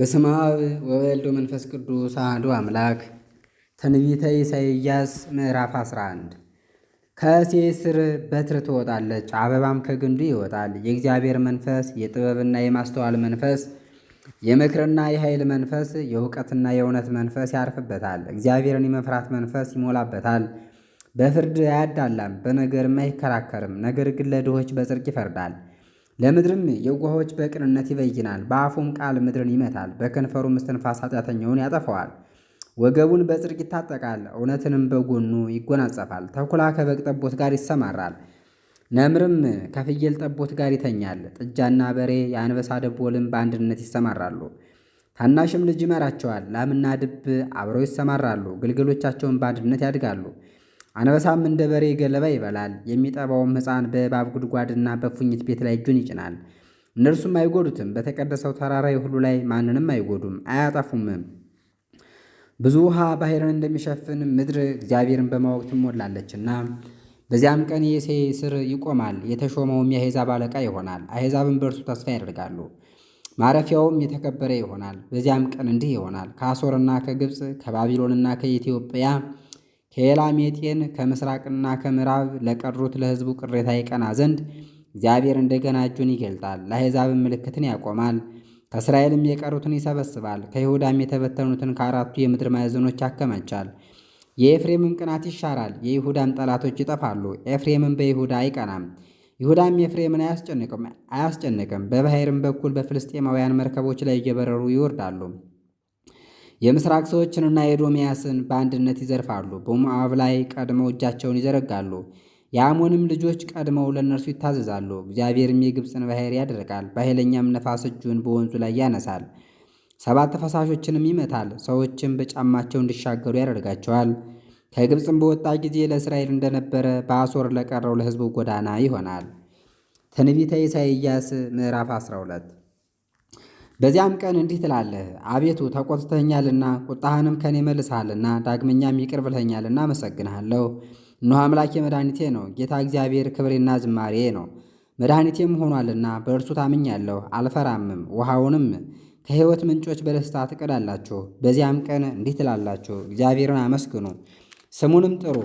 በስመ አብ ወወልድ ወመንፈስ ቅዱስ አሐዱ አምላክ። ትንቢተ ኢሳይያስ ምዕራፍ 11 ከእሴይ ስር በትር ትወጣለች፣ አበባም ከግንዱ ይወጣል። የእግዚአብሔር መንፈስ፣ የጥበብና የማስተዋል መንፈስ፣ የምክርና የኃይል መንፈስ፣ የእውቀትና የእውነት መንፈስ ያርፍበታል። እግዚአብሔርን የመፍራት መንፈስ ይሞላበታል። በፍርድ አያዳላም፣ በነገርም አይከራከርም። ነገር ግን ለድሆች በጽድቅ ይፈርዳል ለምድርም የዋሆች በቅንነት ይበይናል። በአፉም ቃል ምድርን ይመታል፣ በከንፈሩም እስትንፋስ ኃጢአተኛውን ያጠፈዋል። ወገቡን በጽድቅ ይታጠቃል፣ እውነትንም በጎኑ ይጎናጸፋል። ተኩላ ከበግ ጠቦት ጋር ይሰማራል፣ ነምርም ከፍየል ጠቦት ጋር ይተኛል። ጥጃና በሬ የአንበሳ ደቦልም በአንድነት ይሰማራሉ። ታናሽም ልጅ ይመራቸዋል፣ ላምና ድብ አብረው ይሰማራሉ፣ ግልገሎቻቸውን በአንድነት ያድጋሉ። አንበሳም እንደ በሬ ገለባ ይበላል። የሚጠባውም ሕፃን በእባብ ጉድጓድና በፉኝት ቤት ላይ እጁን ይጭናል። እነርሱም አይጎዱትም። በተቀደሰው ተራራ ሁሉ ላይ ማንንም አይጎዱም፣ አያጠፉምም። ብዙ ውሃ ባሕርን እንደሚሸፍን ምድር እግዚአብሔርን በማወቅ ትሞላለችና። በዚያም ቀን የእሴይ ስር ይቆማል፣ የተሾመውም የአሕዛብ አለቃ ይሆናል። አሕዛብም በእርሱ ተስፋ ያደርጋሉ፣ ማረፊያውም የተከበረ ይሆናል። በዚያም ቀን እንዲህ ይሆናል፤ ከአሦርና ከግብፅ ከባቢሎንና ከኢትዮጵያ ከኤላሜጤን ከምስራቅና ከምዕራብ ለቀሩት ለሕዝቡ ቅሬታ ይቀና ዘንድ እግዚአብሔር እንደገና እጁን ይገልጣል። ለአሕዛብም ምልክትን ያቆማል። ከእስራኤልም የቀሩትን ይሰበስባል። ከይሁዳም የተበተኑትን ከአራቱ የምድር ማዕዘኖች ያከማቻል። የኤፍሬምም ቅናት ይሻራል። የይሁዳም ጠላቶች ይጠፋሉ። ኤፍሬምም በይሁዳ አይቀናም። ይሁዳም ኤፍሬምን አያስጨንቅም አያስጨንቅም። በባሕርም በኩል በፍልስጤማውያን መርከቦች ላይ እየበረሩ ይወርዳሉ። የምስራቅ ሰዎችንና የኤዶምያስን በአንድነት ይዘርፋሉ። በሞዓብ ላይ ቀድመው እጃቸውን ይዘረጋሉ። የአሞንም ልጆች ቀድመው ለእነርሱ ይታዘዛሉ። እግዚአብሔርም የግብፅን ባሕር ያደርቃል። በኃይለኛም ነፋስ እጁን በወንዙ ላይ ያነሳል። ሰባት ፈሳሾችንም ይመታል። ሰዎችም በጫማቸው እንዲሻገሩ ያደርጋቸዋል። ከግብፅም በወጣ ጊዜ ለእስራኤል እንደነበረ በአሶር ለቀረው ለሕዝቡ ጎዳና ይሆናል። ትንቢተ ኢሳይያስ ምዕራፍ 12 በዚያም ቀን እንዲህ ትላለህ፣ አቤቱ ተቆጥተኛልና ቁጣህንም ከኔ መልሰሃልና ዳግመኛም ይቅር ብለኸኛልና አመሰግንሃለሁ። እነሆ አምላኬ መድኃኒቴ ነው፣ ጌታ እግዚአብሔር ክብሬና ዝማሬ ነው፣ መድኃኒቴም ሆኗልና በእርሱ ታምኛለሁ አልፈራምም። ውሃውንም ከሕይወት ምንጮች በደስታ ትቀዳላችሁ። በዚያም ቀን እንዲህ ትላላችሁ፣ እግዚአብሔርን አመስግኑ፣ ስሙንም ጥሩ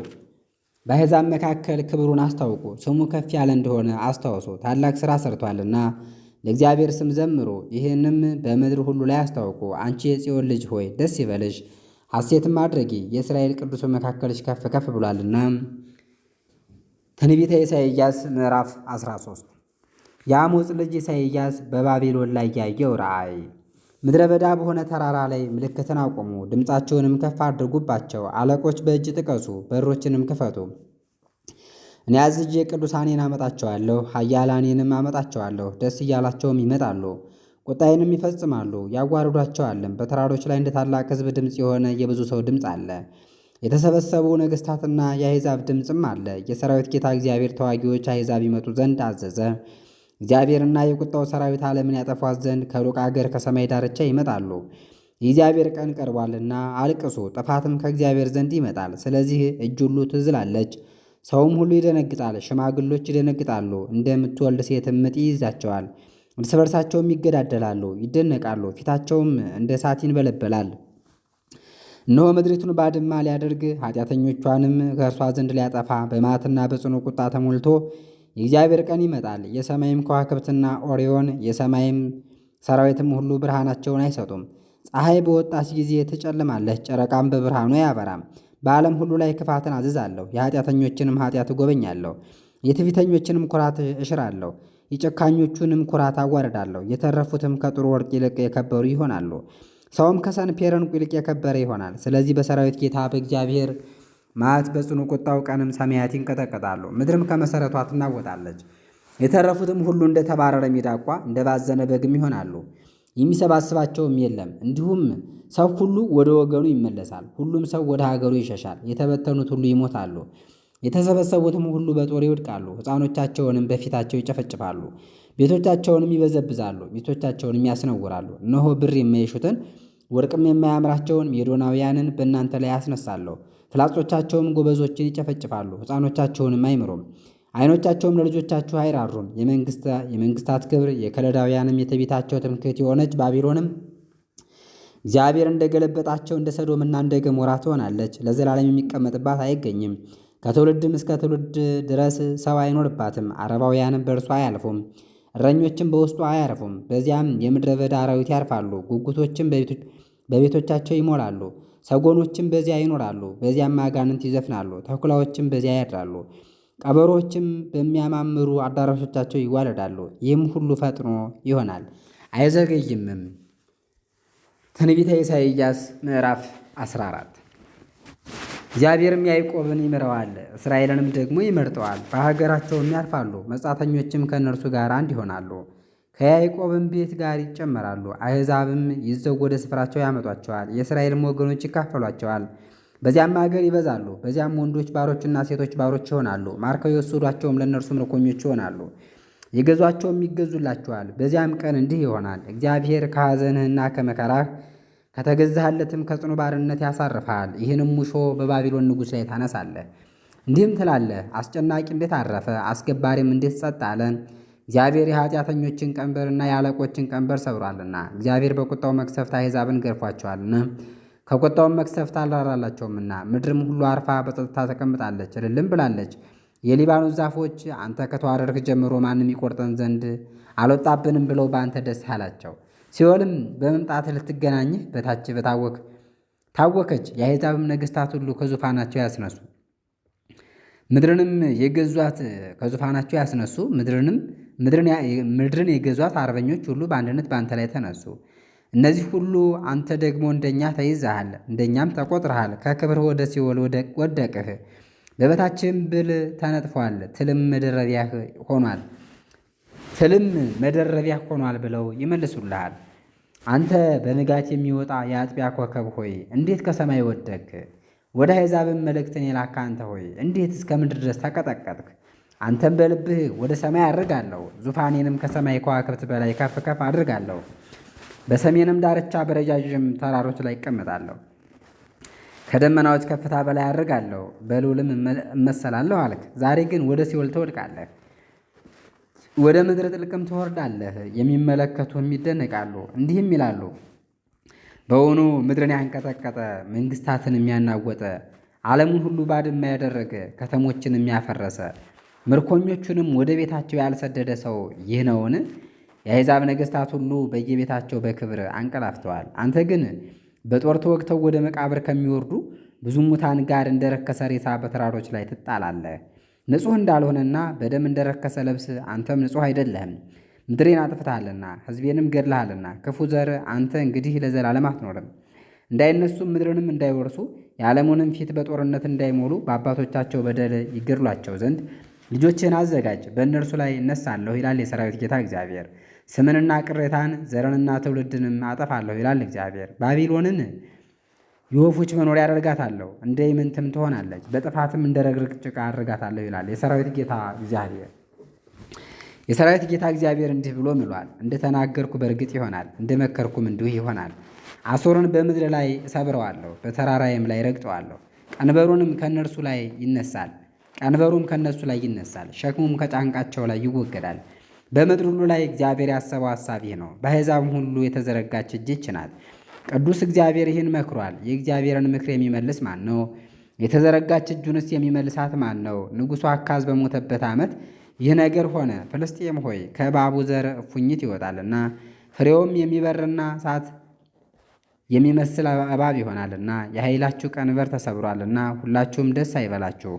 በአሕዛብ መካከል ክብሩን አስታውቁ። ስሙ ከፍ ያለ እንደሆነ አስታውሱ፣ ታላቅ ሥራ ሰርቷልና ለእግዚአብሔር ስም ዘምሩ፣ ይህንም በምድር ሁሉ ላይ አስታውቁ። አንቺ የጽዮን ልጅ ሆይ ደስ ይበልሽ፣ ሐሴትም አድረጊ፣ የእስራኤል ቅዱስ መካከልሽ ከፍ ከፍ ብሏልና። ትንቢተ ኢሳይያስ ምዕራፍ 13 የአሞጽ ልጅ ኢሳይያስ በባቢሎን ላይ ያየው ራእይ። ምድረ በዳ በሆነ ተራራ ላይ ምልክትን አቁሙ፣ ድምፃቸውንም ከፍ አድርጉባቸው። አለቆች በእጅ ጥቀሱ፣ በሮችንም ክፈቱ እኔ አዝጄ ቅዱሳኔን አመጣቸዋለሁ ኃያላኔንም አመጣቸዋለሁ ደስ እያላቸውም ይመጣሉ። ቁጣዬንም ይፈጽማሉ ያዋርዷቸዋልም። በተራሮች ላይ እንደ ታላቅ ሕዝብ ድምፅ የሆነ የብዙ ሰው ድምፅ አለ። የተሰበሰቡ ነገሥታትና የአሕዛብ ድምፅም አለ። የሰራዊት ጌታ እግዚአብሔር ተዋጊዎች አሕዛብ ይመጡ ዘንድ አዘዘ። እግዚአብሔርና የቁጣው ሰራዊት ዓለምን ያጠፏት ዘንድ ከሩቅ አገር ከሰማይ ዳርቻ ይመጣሉ። የእግዚአብሔር ቀን ቀርቧልና አልቅሱ፣ ጥፋትም ከእግዚአብሔር ዘንድ ይመጣል። ስለዚህ እጅ ሁሉ ትዝላለች። ሰውም ሁሉ ይደነግጣል፣ ሽማግሎች ይደነግጣሉ፣ እንደምትወልድ ሴትም ምጥ ይይዛቸዋል። እርስ በርሳቸውም ይገዳደላሉ፣ ይደነቃሉ፣ ፊታቸውም እንደ እሳት ይንበለበላል። እነሆ ምድሪቱን ባድማ ሊያደርግ ኃጢአተኞቿንም ከእርሷ ዘንድ ሊያጠፋ በማትና በጽኑ ቁጣ ተሞልቶ የእግዚአብሔር ቀን ይመጣል። የሰማይም ከዋክብትና ኦሪዮን የሰማይም ሰራዊትም ሁሉ ብርሃናቸውን አይሰጡም። ፀሐይ በወጣች ጊዜ ትጨልማለች፣ ጨረቃም በብርሃኑ አያበራም። በዓለም ሁሉ ላይ ክፋትን አዝዛለሁ፣ የኃጢአተኞችንም ኃጢአት እጎበኛለሁ፣ የትዕቢተኞችንም ኩራት እሽራለሁ፣ የጨካኞቹንም ኩራት አዋርዳለሁ። የተረፉትም ከጥሩ ወርቅ ይልቅ የከበሩ ይሆናሉ፣ ሰውም ከሰንፔር ዕንቁ ይልቅ የከበረ ይሆናል። ስለዚህ በሰራዊት ጌታ በእግዚአብሔር ማት በጽኑ ቁጣው ቀንም ሰማያት ይንቀጠቀጣሉ፣ ምድርም ከመሠረቷ ትናወጣለች። የተረፉትም ሁሉ እንደ ተባረረ ሚዳቋ እንደ ባዘነ በግም ይሆናሉ። የሚሰባስባቸውም የለም። እንዲሁም ሰው ሁሉ ወደ ወገኑ ይመለሳል፣ ሁሉም ሰው ወደ ሀገሩ ይሸሻል። የተበተኑት ሁሉ ይሞታሉ፣ የተሰበሰቡትም ሁሉ በጦር ይወድቃሉ። ሕፃኖቻቸውንም በፊታቸው ይጨፈጭፋሉ፣ ቤቶቻቸውንም ይበዘብዛሉ፣ ሚስቶቻቸውንም ያስነውራሉ። እነሆ ብር የማይሹትን ወርቅም የማያምራቸውን ሜዶናውያንን በእናንተ ላይ አስነሳለሁ። ፍላጾቻቸውም ጎበዞችን ይጨፈጭፋሉ፣ ሕፃኖቻቸውንም አይምሩም። አይኖቻቸውም ለልጆቻችሁ አይራሩም። የመንግስታት ክብር የከለዳውያንም የተቤታቸው ትምክህት የሆነች ባቢሎንም እግዚአብሔር እንደገለበጣቸው እንደ ሰዶምና እንደ ገሞራ ትሆናለች። ለዘላለም የሚቀመጥባት አይገኝም። ከትውልድም እስከ ትውልድ ድረስ ሰው አይኖርባትም። አረባውያንም በእርሱ አያልፉም፣ እረኞችም በውስጡ አያርፉም። በዚያም የምድረ በዳ አራዊት ያርፋሉ፣ ጉጉቶችም በቤቶቻቸው ይሞላሉ፣ ሰጎኖችም በዚያ ይኖራሉ። በዚያም አጋንንት ይዘፍናሉ፣ ተኩላዎችም በዚያ ያድራሉ። ቀበሮችም በሚያማምሩ አዳራሾቻቸው ይዋለዳሉ። ይህም ሁሉ ፈጥኖ ይሆናል አይዘገይምም። ትንቢተ ኢሳይያስ ምዕራፍ 14 እግዚአብሔርም ያዕቆብን ይምረዋል፣ እስራኤልንም ደግሞ ይመርጠዋል። በሀገራቸውም ያርፋሉ፣ መጻተኞችም ከእነርሱ ጋር አንድ ይሆናሉ። ከያዕቆብም ቤት ጋር ይጨመራሉ። አሕዛብም ይዘው ወደ ስፍራቸው ያመጧቸዋል፣ የእስራኤልም ወገኖች ይካፈሏቸዋል። በዚያም አገር ይበዛሉ። በዚያም ወንዶች ባሮችና ሴቶች ባሮች ይሆናሉ። ማርከው የወሰዷቸውም ለእነርሱ ምርኮኞች ይሆናሉ። የገዟቸውም ይገዙላቸዋል። በዚያም ቀን እንዲህ ይሆናል፣ እግዚአብሔር ከሐዘንህና ከመከራህ ከተገዛህለትም ከጽኑ ባርነት ያሳርፈሃል። ይህንም ሙሾ በባቢሎን ንጉሥ ላይ ታነሳለህ። እንዲህም ትላለህ፣ አስጨናቂ እንዴት አረፈ! አስገባሪም እንዴት ጸጥ እግዚአብሔር የኃጢአተኞችን ቀንበርና የአለቆችን ቀንበር ሰብሯልና፣ እግዚአብሔር በቁጣው መቅሰፍት አሕዛብን ገርፏቸዋልና ከቁጣውም መቅሰፍት አልራራላቸውምና ምድርም ሁሉ አርፋ በጸጥታ ተቀምጣለች፣ እልልም ብላለች። የሊባኖስ ዛፎች አንተ ከተዋረድክ ጀምሮ ማንም ይቆርጠን ዘንድ አልወጣብንም ብለው በአንተ ደስ አላቸው። ሲኦልም በመምጣት ልትገናኝህ በታች በታወክ ታወከች። የአሕዛብም ነገሥታት ሁሉ ከዙፋናቸው ያስነሱ ምድርንም የገዟት ከዙፋናቸው ያስነሱ ምድርንም ምድርን የገዟት አርበኞች ሁሉ በአንድነት በአንተ ላይ ተነሱ። እነዚህ ሁሉ አንተ ደግሞ እንደኛ ተይዘሃል፣ እንደኛም ተቆጥረሃል። ከክብር ወደ ሲኦል ወደቅህ። በበታችን ብል ተነጥፏል፣ ትልም መደረቢያ ሆኗል፣ ትልም መደረቢያ ሆኗል ብለው ይመልሱልሃል። አንተ በንጋት የሚወጣ የአጥቢያ ኮከብ ሆይ እንዴት ከሰማይ ወደግ? ወደ አሕዛብም መልእክትን የላከ አንተ ሆይ እንዴት እስከ ምድር ድረስ ተቀጠቀጥክ? አንተም በልብህ ወደ ሰማይ አድርጋለሁ፣ ዙፋኔንም ከሰማይ ከዋክብት በላይ ከፍ ከፍ አድርጋለሁ በሰሜንም ዳርቻ በረዣዥም ተራሮች ላይ እቀመጣለሁ። ከደመናዎች ከፍታ በላይ አድርጋለሁ፣ በልዑልም እመሰላለሁ አልክ። ዛሬ ግን ወደ ሲኦል ትወድቃለህ፣ ወደ ምድር ጥልቅም ትወርዳለህ። የሚመለከቱህም ይደነቃሉ፣ እንዲህም ይላሉ በውኑ ምድርን ያንቀጠቀጠ መንግስታትን የሚያናወጠ ዓለሙን ሁሉ ባድማ ያደረገ ከተሞችን የሚያፈረሰ ምርኮኞቹንም ወደ ቤታቸው ያልሰደደ ሰው ይህ ነውን? የአሕዛብ ነገሥታት ሁሉ በየቤታቸው በክብር አንቀላፍተዋል። አንተ ግን በጦር ተወግተው ወደ መቃብር ከሚወርዱ ብዙ ሙታን ጋር እንደረከሰ ሬሳ በተራሮች ላይ ትጣላለህ። ንጹሕ እንዳልሆነና በደም እንደረከሰ ልብስ አንተም ንጹሕ አይደለህም። ምድሬን አጥፍተሃልና ሕዝቤንም ገድልሃልና ክፉ ዘር አንተ እንግዲህ ለዘላለም አትኖርም። እንዳይነሱም ምድርንም እንዳይወርሱ የዓለሙንም ፊት በጦርነት እንዳይሞሉ በአባቶቻቸው በደል ይገድሏቸው ዘንድ ልጆችን አዘጋጅ፣ በእነርሱ ላይ እነሳለሁ ይላል የሰራዊት ጌታ እግዚአብሔር። ስምንና ቅሬታን ዘረንና ትውልድንም አጠፋለሁ ይላል እግዚአብሔር። ባቢሎንን የወፎች መኖሪያ አደርጋታለሁ፣ እንደ ምንትም ትሆናለች፣ በጥፋትም እንደ ረግረግ ጭቃ አደርጋታለሁ ይላል የሰራዊት ጌታ እግዚአብሔር። የሰራዊት ጌታ እግዚአብሔር እንዲህ ብሎ ምሏል፣ እንደተናገርኩ በእርግጥ ይሆናል፣ እንደመከርኩም እንዲሁ ይሆናል። አሦርን በምድር ላይ እሰብረዋለሁ፣ በተራራዬም ላይ ረግጠዋለሁ። ቀንበሩንም ከእነርሱ ላይ ይነሳል ቀንበሩም ከእነሱ ላይ ይነሳል፣ ሸክሙም ከጫንቃቸው ላይ ይወገዳል። በምድር ሁሉ ላይ እግዚአብሔር ያሰበው ሐሳብ ይህ ነው። በአሕዛብም ሁሉ የተዘረጋች እጅ ናት። ቅዱስ እግዚአብሔር ይህን መክሯል። የእግዚአብሔርን ምክር የሚመልስ ማን ነው? የተዘረጋች እጁንስ የሚመልሳት ማን ነው? ንጉሡ አካዝ በሞተበት ዓመት ይህ ነገር ሆነ። ፍልስጤም ሆይ ከእባቡ ዘር እፉኝት ይወጣልና ፍሬውም የሚበርና እሳት የሚመስል እባብ ይሆናልና የኃይላችሁ ቀንበር ተሰብሯልና ሁላችሁም ደስ አይበላችሁ።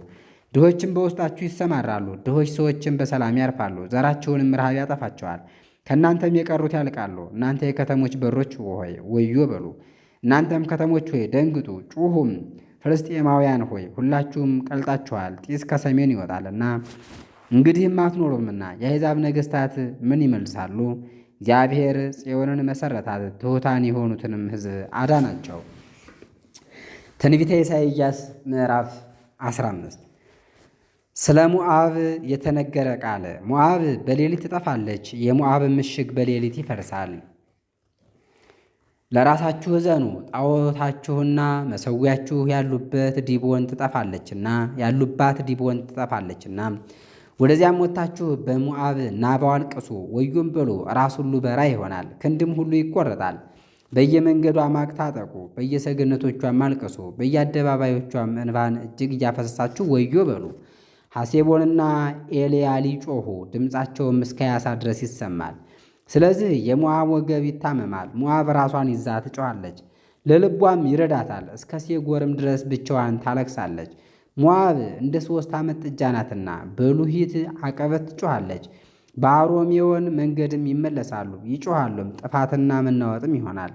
ድሆችም በውስጣችሁ ይሰማራሉ። ድሆች ሰዎችም በሰላም ያርፋሉ፣ ዘራቸውንም ረሃብ ያጠፋቸዋል። ከእናንተም የቀሩት ያልቃሉ። እናንተ የከተሞች በሮች ሆይ ወዮ በሉ። እናንተም ከተሞች ሆይ ደንግጡ ጩሁም። ፍልስጤማውያን ሆይ ሁላችሁም ቀልጣችኋል፣ ጢስ ከሰሜን ይወጣልና እንግዲህም አትኖሩምና። የአሕዛብ ነገሥታት ምን ይመልሳሉ? እግዚአብሔር ጽዮንን መሠረታት፣ ትሑታን የሆኑትንም ሕዝብ አዳናቸው። ትንቢተ ኢሳይያስ ምዕራፍ 15 ስለ ሞዓብ የተነገረ ቃል። ሞዓብ በሌሊት ትጠፋለች፣ የሞዓብ ምሽግ በሌሊት ይፈርሳል። ለራሳችሁ እዘኑ፣ ጣዖታችሁና መሠዊያችሁ ያሉበት ዲቦን ትጠፋለችና ያሉባት ዲቦን ትጠፋለችና ወደዚያም ወጥታችሁ በሞዓብ ናባው አልቅሱ፣ ወዮም በሉ። ራስ ሁሉ በራ ይሆናል፣ ክንድም ሁሉ ይቆረጣል። በየመንገዷ ማቅ ታጠቁ፣ በየሰገነቶቿም አልቅሱ፣ በየአደባባዮቿም እንባን እጅግ እያፈሰሳችሁ ወዮ በሉ። ሐሴቦንና ኤልያሊ ጮኹ፣ ድምፃቸውም እስከ ያሳ ድረስ ይሰማል። ስለዚህ የሞዓብ ወገብ ይታመማል። ሞዓብ ራሷን ይዛ ትጮኻለች፣ ለልቧም ይረዳታል። እስከ ሴጎርም ድረስ ብቻዋን ታለቅሳለች። ሞዓብ እንደ ሦስት ዓመት ጥጃ ናትና በሉሂት አቀበት ትጮኻለች። በአሮሜዮን መንገድም ይመለሳሉ፣ ይጮኻሉም፣ ጥፋትና መናወጥም ይሆናል።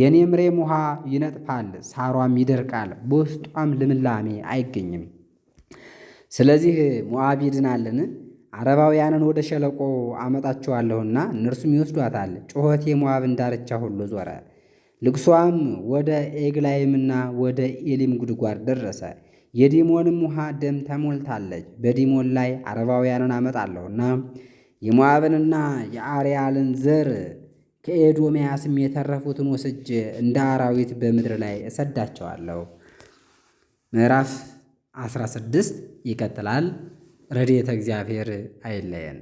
የኔምሬም ውሃ ይነጥፋል፣ ሳሯም ይደርቃል፣ በውስጧም ልምላሜ አይገኝም። ስለዚህ ሞዓብ ይድናልን? አረባውያንን ወደ ሸለቆ አመጣቸዋለሁና እነርሱም ይወስዷታል። ጩኸት የሞዓብን ዳርቻ ሁሉ ዞረ። ልቅሷም ወደ ኤግላይምና ወደ ኤሊም ጉድጓድ ደረሰ። የዲሞንም ውሃ ደም ተሞልታለች። በዲሞን ላይ አረባውያንን አመጣለሁና የሞዓብንና የአርያልን ዘር ከኤዶምያስም የተረፉትን ወስጄ እንደ አራዊት በምድር ላይ እሰዳቸዋለሁ። ምዕራፍ 16 ይቀጥላል። ረድኤተ እግዚአብሔር አይለየን።